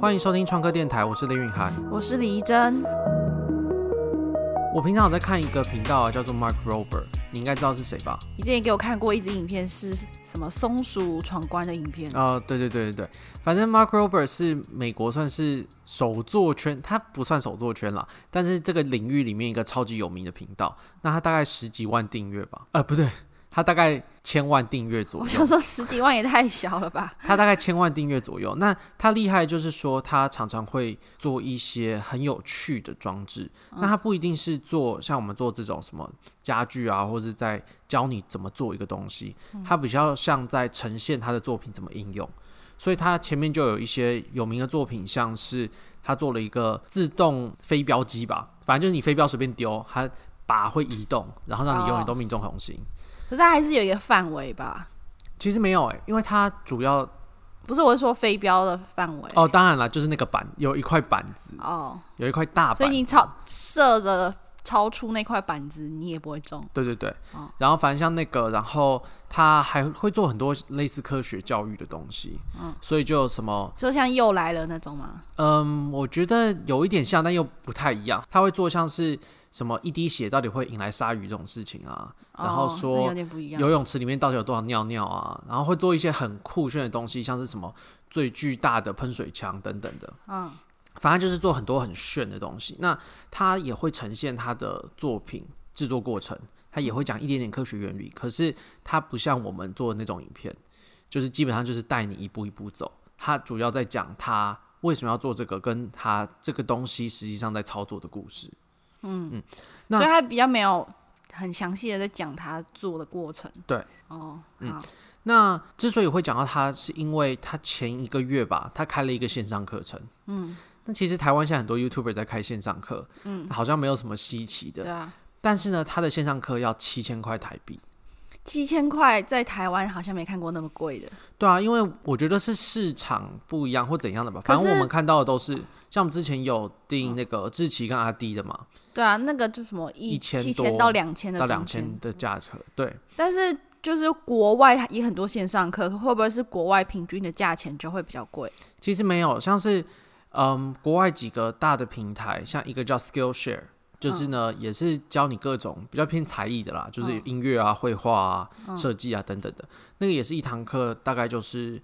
歡迎收聽創客電台，我是林蘊涵，我是，我是李怡珍。我平常有在看一個頻道啊，叫做 Mark Rober，你應該知道是誰吧？你之前也給我看過一支影片，是什麼松鼠闖關的影片？啊、哦，對對對對對，反正 Mark Rober 是美國算是手作圈，他不算手作圈啦，但是這個領域裡面一個超級有名的頻道，那他大概十幾萬訂閱吧？啊、呃，不對。他大概千萬訂閱左右。我想說十幾萬也太小了吧？他大概千萬訂閱左右。那他厲害就是說，他常常會做一些很有趣的裝置。那他不一定是做像我們做這種什麼家具啊，或者在教你怎麼做一個東西。他比較像在呈現他的作品怎麼應用。所以他前面就有一些有名的作品，像是他做了一個自動飛鏢機吧，反正就是你飛鏢隨便丟，他靶會移動，然後讓你永遠都命中紅心。可是它還是有一個範圍吧？其實沒有哎、欸，因為它主要不是，我是說飛鏢的範圍哦。當然了，就是那個板，有一塊板子哦，有一塊、哦、大板子，板。所以你超射的超出那塊板子，你也不會中。對對對，哦、然後反正像那個，然後他還會做很多類似科學教育的東西，嗯，所以就有什麼，就像又來了那種嗎？嗯，我覺得有一點像，但又不太一樣。他會做像是。什麼一滴血到底會引來鯊魚這種事情啊？然後說游泳池裡面到底有多少尿尿啊？然後會做一些很酷炫的東西，像是什麼最巨大的噴水槍等等的。嗯，反正就是做很多很炫的東西。那他也會呈現他的作品制作過程，他也會講一點點科學原理。可是他不像我們做的那種影片，就是基本上就是帶你一步一步走。他主要在講他為什麼要做這個，跟他這個東西實際上在操作的故事。嗯嗯，那所以他比較沒有很詳細的在講他做的過程。對，哦，嗯，好那之所以我會講到他，是因為他前一個月吧，他開了一個線上課程。嗯，那其實台灣現在很多 YouTuber 在開線上課，嗯，好像沒有什麼稀奇的。對啊。但是呢，他的線上課要七千塊台幣，七千塊在台灣好像沒看過那麼貴的。對啊，因為我覺得是市場不一樣或怎樣的吧。是反正我們看到的都是像我們之前有訂那個志祺跟阿 D 的嘛。對啊，那個就什麼一,一千七千到兩千的兩千,千的價差，對。但是就是國外也很多線上課，會不會是國外平均的價錢就會比較貴？其實沒有，像是，嗯，國外幾個大的平台，像一個叫 Skillshare，就是呢，嗯，也是教你各種比較偏才藝的啦，就是音樂啊、繪畫啊、設計啊、嗯、等等的，那個也是一堂課，大概就是。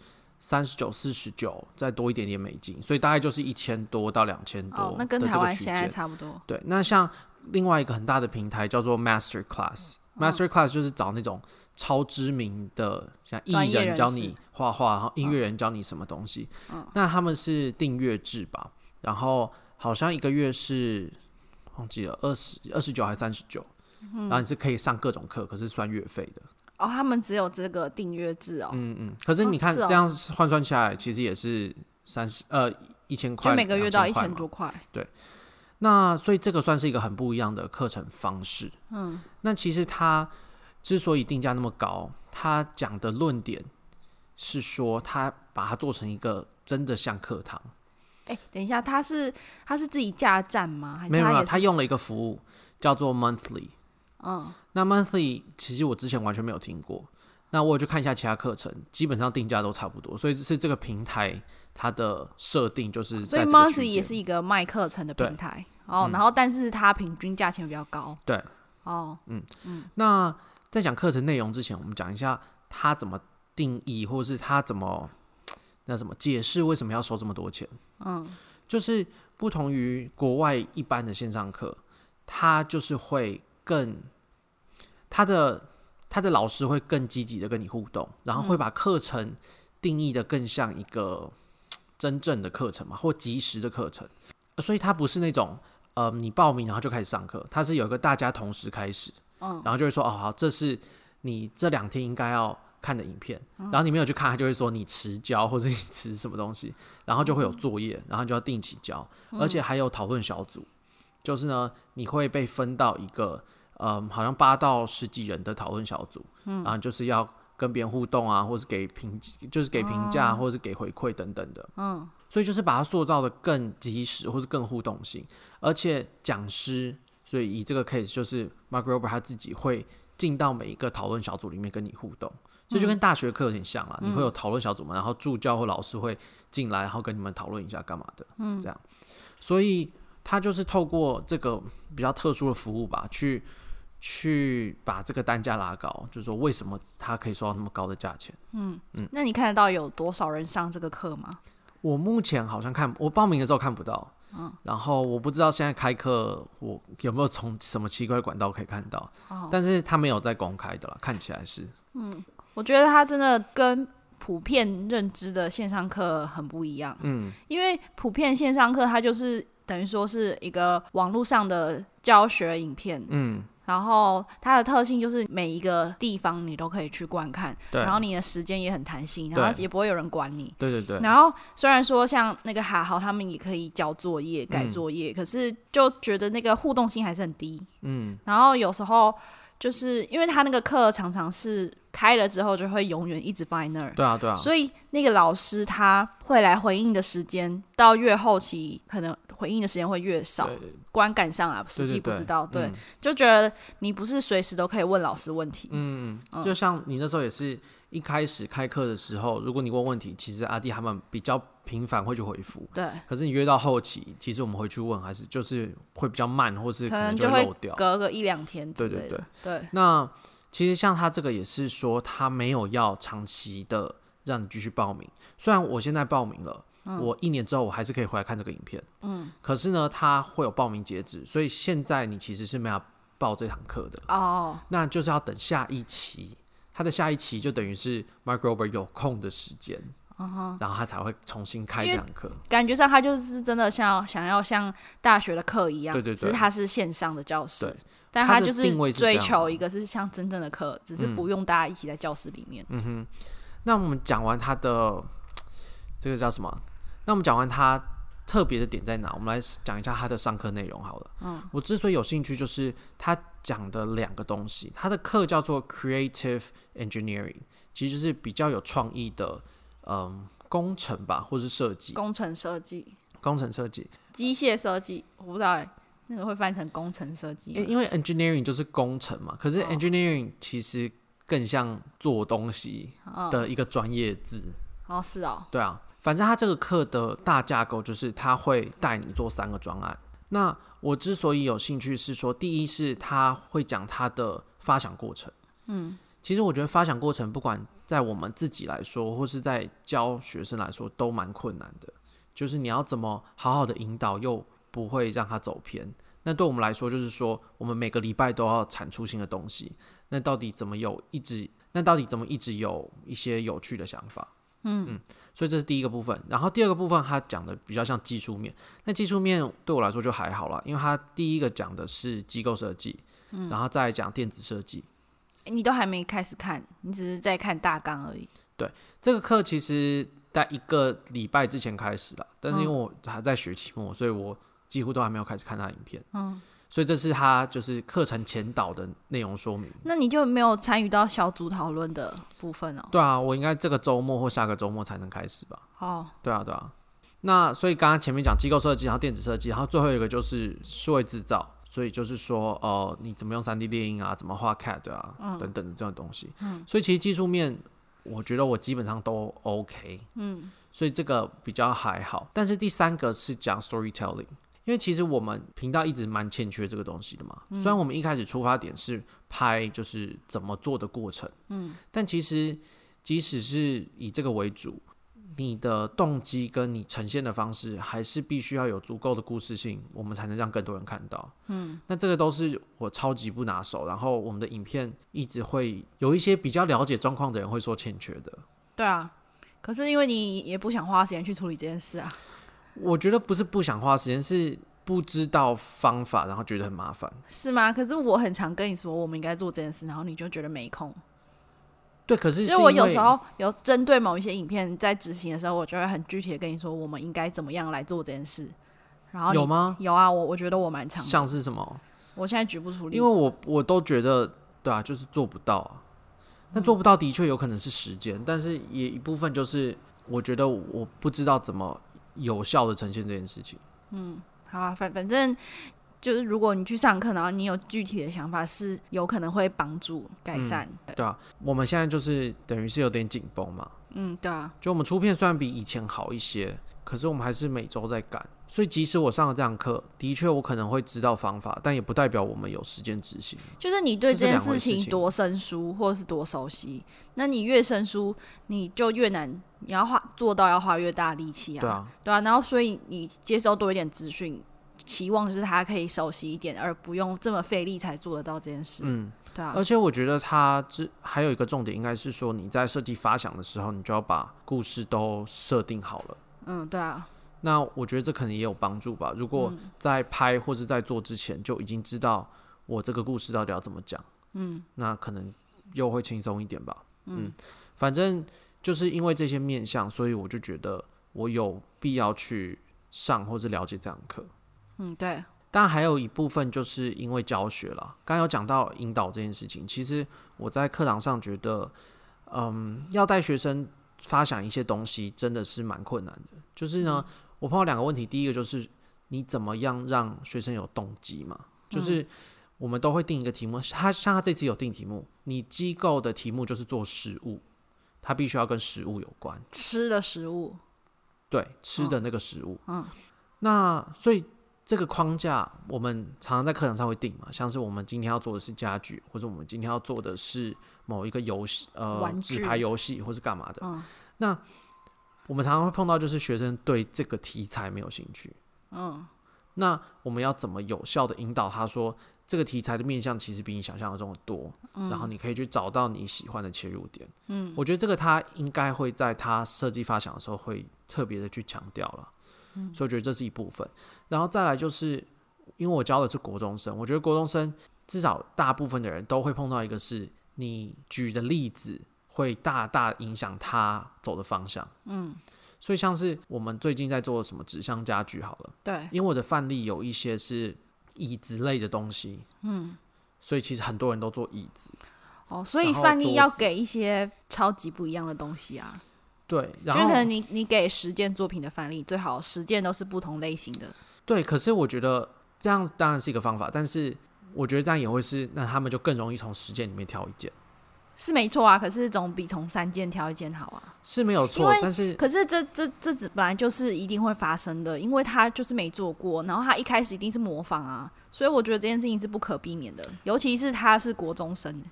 三十九、四十九，再多一點點美金，所以大概就是一千多到兩千多。哦，那跟台灣現在差不多。對，那像另外一個很大的平台叫做 Master Class，哦，Master Class 就是找那種超知名的像藝人教你畫畫，然後音樂人教你什麼東西。哦，那他們是訂閱制吧？然後好像一個月是忘記了二十二十九還是三十九，然後你是可以上各種課，可是算月費的。哦、他們只有這個訂閱制哦。嗯嗯，可是你看、哦是哦、這樣換算起來，其實也是三十呃一千塊，就每個月都要一千多塊。嗯、對，那所以這個算是一個很不一樣的課程方式。嗯，那其實他之所以定價那麼高，他講的論點是說他把它做成一個真的像課堂。哎，等一下，他是他是自己架站嗎？還是是沒，沒有、啊、他用了一個服務叫做 Monthly。嗯。那 monthly 其實我之前完全沒有聽過，那我也去看一下其他課程，基本上定價都差不多，所以是這個平台它的設定就是在這個。所以 monthly 也是一個賣課程的平台哦，然後但是它平均價錢比較高。對，哦，嗯嗯。嗯那在講課程內容之前，我們講一下他怎麼定義，或是他怎麼那什麼解釋為什麼要收這麼多錢？嗯，就是不同於國外一般的線上課，它就是會更。他的他的老師會更積極的跟你互動，然後會把課程定義的更像一個真正的課程嘛，或即時的課程。所以他不是那種呃，你報名然後就開始上課，他是有一個大家同時開始，然後就會說哦好，這是你這兩天應該要看的影片，然後你沒有去看，他就會說你遲交或者你遲什麼東西，然後就會有作業，然後就要定期交，而且還有討論小組，就是呢，你會被分到一個。呃、嗯，好像八到十幾人的討論小組，嗯、啊，就是要跟別人互動啊，或是給評就是給評價，嗯、或是給回饋等等的。嗯，所以就是把它塑造得更及時，或是更互動性，而且講師，所以以這個 case 就是 Mark Rober 他自己會進到每一個討論小組裡面跟你互動，嗯、所以就跟大學課有點像了。嗯、你會有討論小組嘛，然後助教或老師會進來，然後跟你們討論一下幹嘛的，嗯，這樣，所以他就是透過這個比較特殊的服務吧，去。去把這個單價拉高，就是說為什麼他可以收到那麼高的價錢？嗯嗯，嗯，那你看得到有多少人上這個課嗎？我目前好像看我報名的時候看不到，嗯，然後我不知道現在開課我有沒有從什麼奇怪的管道，可以看到，哦，但是他沒有在公開的啦，看起來是，嗯，我覺得他真的跟普遍認知的線上課很不一樣，嗯，因為普遍線上課它就是等於說是一個網絡上的教學影片，嗯。然後它的特性就是每一個地方你都可以去觀看，對然後你的時間也很彈性，對然後也不會有人管你，對對對。然後雖然說像那個哈豪他們也可以交作業、改作業，嗯、可是就覺得那個互動性還是很低，嗯。然後有時候就是因為他那個課常常是開了之後就會永遠一直放在那兒，對啊對啊。所以那個老師他會來回應的時間到越後期可能。回應的時間會越少，對對對，觀感上啊，實際不知道，對，對，對，對嗯、就覺得你不是隨時都可以問老師問題。嗯，就像你那時候也是一開始開課的時候，嗯、如果你問問題，其實阿弟他們比較頻繁會去回復。對，可是你越到後期，其實我們會去問，還是就是會比較慢，或是可能就會漏掉，隔個一兩天。對對對對。對那其實像他這個也是說，他沒有要長期的讓你繼續報名。雖然我現在報名了。嗯、我一年之後我還是可以回來看這個影片。嗯，可是呢，他會有報名截止，所以現在你其實是沒有報這堂課的哦。那就是要等下一期，他的下一期就等於是 Mark Rober 有空的時間，哦、吼然後他才會重新開為這堂課。感覺上他就是真的像想要像大學的課一樣，對對對，只是他是線上的教室，對，但他就是追求一個是像真正的課，的是只是不用大家一起在教室裡面。嗯,嗯哼，那我們講完他的這個叫什麼？那我們講完他特別的點在哪？我們來講一下他的上課內容好了。嗯，我之所以有興趣，就是他講的兩個東西。他的課叫做 Creative Engineering，其實就是比較有創意的，嗯，工程吧，或是設計。工程設計。工程設計。機械設計，我不知道哎、欸，那個會翻成工程設計、欸、因為 Engineering 就是工程嘛，可是 Engineering、哦、其實更像做東西的一個專業字哦。哦，是哦。對啊。反正他這個課的大架構就是他會帶你做三個專案。那我之所以有興趣是說，第一是他會講他的發想過程。嗯，其實我覺得發想過程不管在我們自己來說，或是在教學生來說，都蠻困難的。就是你要怎麼好好的引導，又不會讓他走偏。那對我們來說，就是說我們每個禮拜都要產出新的東西。那到底怎麼有一直？那到底怎麼一直有一些有趣的想法？嗯嗯，所以這是第一個部分，然後第二個部分，他講的比較像技術面，那技術面對我來說就還好啦，因為他第一個講的是機構設計，嗯、然後再講電子設計，你都還沒開始看，你只是在看大綱而已。對，這個課其實在一個禮拜之前開始了，但是因為我還在學期末，嗯、所以我幾乎都還沒有開始看他影片。嗯。所以這是他就是課程前導的內容說明。那你就沒有參與到小組討論的部分哦、喔？對啊，我應該這個週末或下個週末才能開始吧？哦，oh. 對啊，對啊。那所以剛剛前面講機構設計，然後電子設計，然後最後一個就是數位制造。所以就是說，哦、呃，你怎麼用三 D 列印啊？怎麼畫 CAD 啊？嗯、等等的這種東西。嗯。所以其實技術面，我覺得我基本上都 OK。嗯。所以這個比較還好，但是第三個是講 storytelling。因為其實我們頻道一直蠻欠缺這個東西的嘛，雖然我們一開始出發點是拍就是怎麼做的過程，嗯，但其實即使是以這個為主，你的動機跟你呈現的方式還是必須要有足夠的故事性，我們才能讓更多人看到，嗯，那這個都是我超級不拿手，然後我們的影片一直會有一些比較了解狀況的人會說欠缺的，對啊，可是因為你也不想花時間去處理這件事啊。我覺得不是不想花時間，是不知道方法，然後覺得很麻煩。是嗎？可是我很常跟你說，我們應該做這件事，然後你就覺得沒空。對，可是，是因為我有時候有針對某一些影片在執行的時候，我就會很具體的跟你說，我們應該怎麼樣來做這件事。然後有嗎？有啊，我我覺得我蠻常像是什麼，我現在舉不出例子，因為我我都覺得對啊，就是做不到啊。那，嗯，做不到的確有可能是時間，但是也一部分就是我覺得我不知道怎麼。有效的呈現這件事情。嗯，好啊，反反正就是，如果你去上課，然後你有具體的想法，是有可能會幫助改善。嗯，對啊，我們現在就是等於是有點緊繃嘛。嗯，對啊，就我們出片雖然比以前好一些，可是我們還是每周在趕，所以即使我上了這堂課，的確我可能會知道方法，但也不代表我們有時間執行。就是你對這件事情多生疏，或是多熟悉，嗯、那你越生疏，你就越難，你要花做到要花越大力氣啊。對啊，對啊，然後所以你接收多一點資訊，期望就是他可以熟悉一點，而不用這麼費力才做得到這件事。嗯。而且我覺得他這還有一個重點，應該是說你在設計發想的時候，你就要把故事都設定好了。嗯，對啊。那我覺得這可能也有幫助吧。如果在拍或者在做之前就已經知道我這個故事到底要怎麼講，嗯，那可能又會輕鬆一點吧。嗯，反正就是因為這些面向，所以我就覺得我有必要去上或者了解這堂課。嗯，對。但還有一部分就是因為教學了，剛剛有講到引導這件事情。其實我在課堂上覺得，嗯，要帶學生發想一些東西，真的是蠻困難的。就是呢，嗯、我碰到兩個問題。第一個就是你怎麼樣讓學生有動機嘛？就是我們都會定一個題目，嗯、他像他這次有定題目，你機構的題目就是做食物，他必須要跟食物有關，吃的食物，對，吃的那個食物，嗯，那所以。這個框架我們常常在課堂上會定嘛，像是我們今天要做的是家具，或者我們今天要做的是某一個遊戲，呃，紙具牌遊戲，或是幹嘛的。嗯、那我們常常會碰到，就是學生對這個題材沒有興趣。嗯，那我們要怎麼有效的引導他說，這個題材的面向其實比你想像中的多，嗯、然後你可以去找到你喜歡的切入點。嗯，我覺得這個他應該會在他設計發想的時候會特別的去強調了。嗯，所以我覺得這是一部分，然後再來就是，因為我教的是國中生，我覺得國中生至少大部分的人都會碰到一個是你舉的例子會大大影響他走的方向。嗯，所以像是我們最近在做的什麼紙箱家具好了，對，因為我的範例有一些是椅子類的東西，嗯，所以其實很多人都做椅子，哦，所以範例要給一些超級不一樣的東西啊。對，然後就可能你你給十件作品的範例，最好十件都是不同類型的。對，可是我覺得這樣當然是一個方法，但是我覺得這樣也會是那他們就更容易從十件裡面挑一件，是沒錯啊。可是總比從三件挑一件好啊，是沒有錯。因為，但是可是這這這只本來就是一定會發生的，因為他就是沒做過，然後他一開始一定是模仿啊，所以我覺得這件事情是不可避免的，尤其是他是國中生。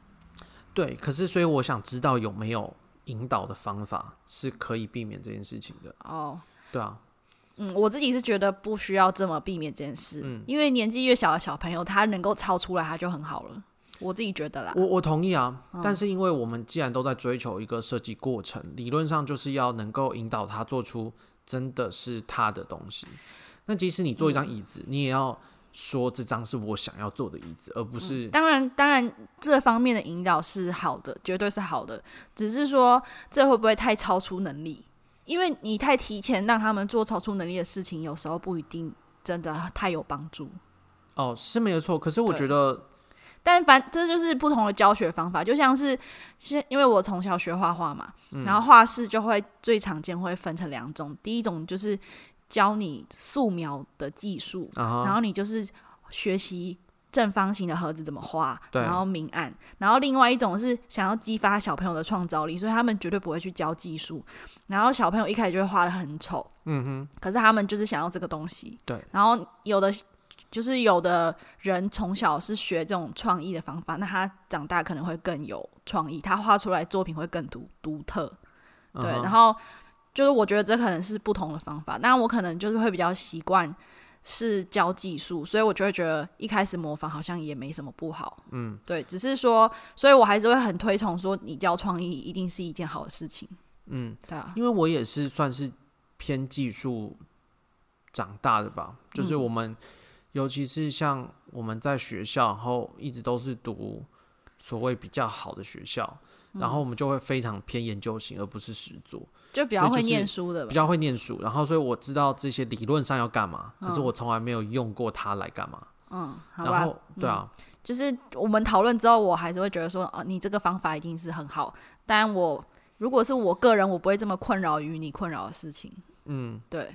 對，可是所以我想知道有沒有。引導的方法是可以避免這件事情的哦。Oh, 對啊，嗯，我自己是覺得不需要這麼避免這件事，因為年紀越小的小朋友，他能夠超出來，他就很好了。我自己覺得啦，我我同意啊。Oh. 但是因為我們既然都在追求一個設計過程，理論上就是要能夠引導他做出真的是他的東西。那即使你做一張椅子，嗯，你也要。說這張是我想要做的椅子，而不是、嗯……當然，當然，這方面的引導是好的，絕對是好的。只是說，這會不會太超出能力？因為你太提前讓他們做超出能力的事情，有時候不一定真的太有幫助。哦，是沒有錯。可是我覺得，但凡這就是不同的教學方法。就像是，是因為我從小學畫畫嘛，嗯、然後畫室就會最常見會分成兩種，第一種就是。教你素描的技術，uh huh. 然後你就是學習正方形的盒子怎麼畫，對。然後明暗。然後另外一種是想要激發小朋友的創造力，所以他們絕對不會去教技術。然後小朋友一開始就會畫得很醜，嗯哼、uh huh. 可是他們就是想要這個東西。對。然後有的就是有的人從小是學這種創意的方法，那他長大可能會更有創意，他畫出來作品會更獨獨特。對，uh huh. 然後。就是我覺得這可能是不同的方法，那我可能就是會比較習慣是教技術，所以我就會覺得一開始模仿好像也沒什麼不好。嗯，對，只是說，所以我還是會很推崇說，你教創意一定是一件好的事情。嗯，對啊，因為我也是算是偏技術長大的吧，就是我們、嗯、尤其是像我們在學校，然後一直都是讀所謂比較好的學校。然後我們就會非常偏研究型，而不是實做，就比較會念書的，比較會念書。然後，所以我知道這些理論上要幹嘛，嗯、可是我從來沒有用過它來幹嘛。嗯，好吧，然後、嗯、對啊，就是我們討論之後，我還是會覺得說，哦，你這個方法一定是很好。但我如果是我個人，我不會這麼困擾於你困擾的事情。嗯，對。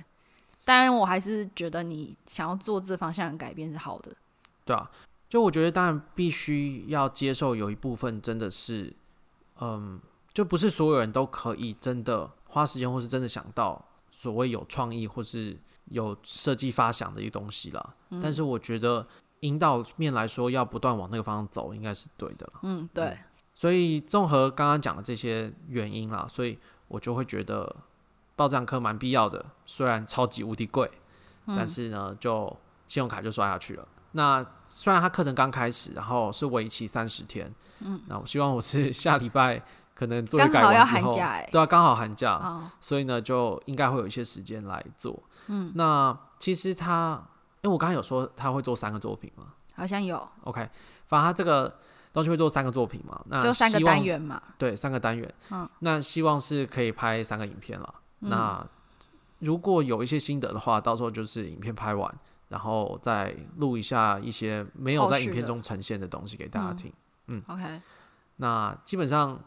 當然，我還是覺得你想要做這方向的改變是好的。對啊，就我覺得，當然必須要接受，有一部分真的是。嗯，就不是所有人都可以真的花時間，或是真的想到所謂有創意或是有設計發想的一個東西啦。嗯、但是我覺得引導面來說，要不斷往那個方向走，應該是對的啦。嗯，對。所以綜合剛剛講的這些原因啦，所以我就會覺得報這堂課蠻必要的。雖然超級無敵貴，嗯、但是呢，就信用卡就刷下去了。那雖然它課程剛開始，然後是為期三十天。嗯，那我希望我是下禮拜可能作業改完之後，欸、對啊，剛好寒假，哦、所以呢就應該會有一些時間來做。嗯，那其實他，因、欸、為我剛才有說他會做三個作品嘛，好像有。OK，反正他這個東西會做三個作品嘛，那就三個單元嘛，對，三個單元。嗯，那希望是可以拍三個影片啦。那如果有一些心得的話，到時候就是影片拍完，然後再錄一下一些沒有在影片中呈現的東西給大家聽。嗯，OK，那基本上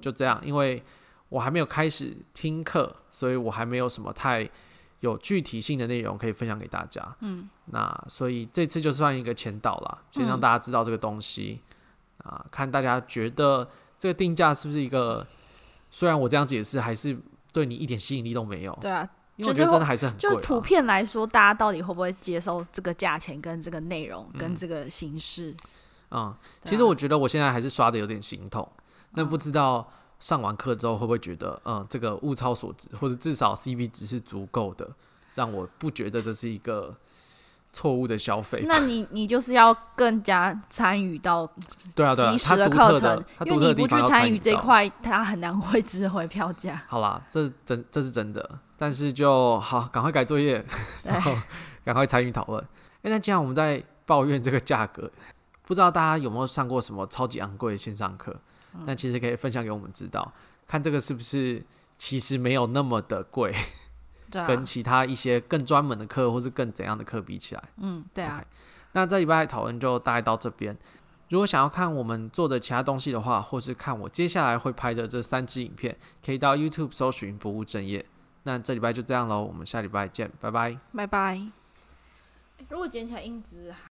就這樣，因為我還沒有開始聽課，所以我還沒有什麼太有具體性的內容可以分享給大家。嗯，那所以這次就算一個前導啦，先讓大家知道這個東西、嗯、啊，看大家覺得這個定價是不是一個，雖然我這樣解釋，還是對你一點吸引力都沒有。對啊，因為我覺得真的還是很貴。就，就普遍來說，大家到底會不會接受這個價錢、跟這個內容、跟這個形式？嗯嗯，其實我覺得我現在還是刷的有點心痛。那、啊、不知道上完課之後會不會覺得，嗯，嗯，這個物超所值，或者至少 CP 值，是足夠的，讓我不覺得這是一個錯誤的消費？那你你就是要更加參與到對啊對啊，對啊他，及時的課程，因為你不去參與這塊，他很難會值回票價。好了，這是真這是真的，但是就好，趕快改作業，對然後趕快參與討論。哎、欸，那既然我們在抱怨這個價格。不知道大家有沒有上過什麼超級昂貴的線上課？嗯、但其實可以分享給我們知道，看這個是不是其實沒有那麼的貴，啊、跟其他一些更專門的課或是更怎樣的課比起來，嗯，對、啊、Okay, 那這禮拜討論就大概到這邊。如果想要看我們做的其他東西的話，或是看我接下來會拍的這三支影片，可以到 YouTube 搜尋不務正業。那這禮拜就這樣嘍，我們下禮拜見，拜拜，拜拜。如果剪起來音質。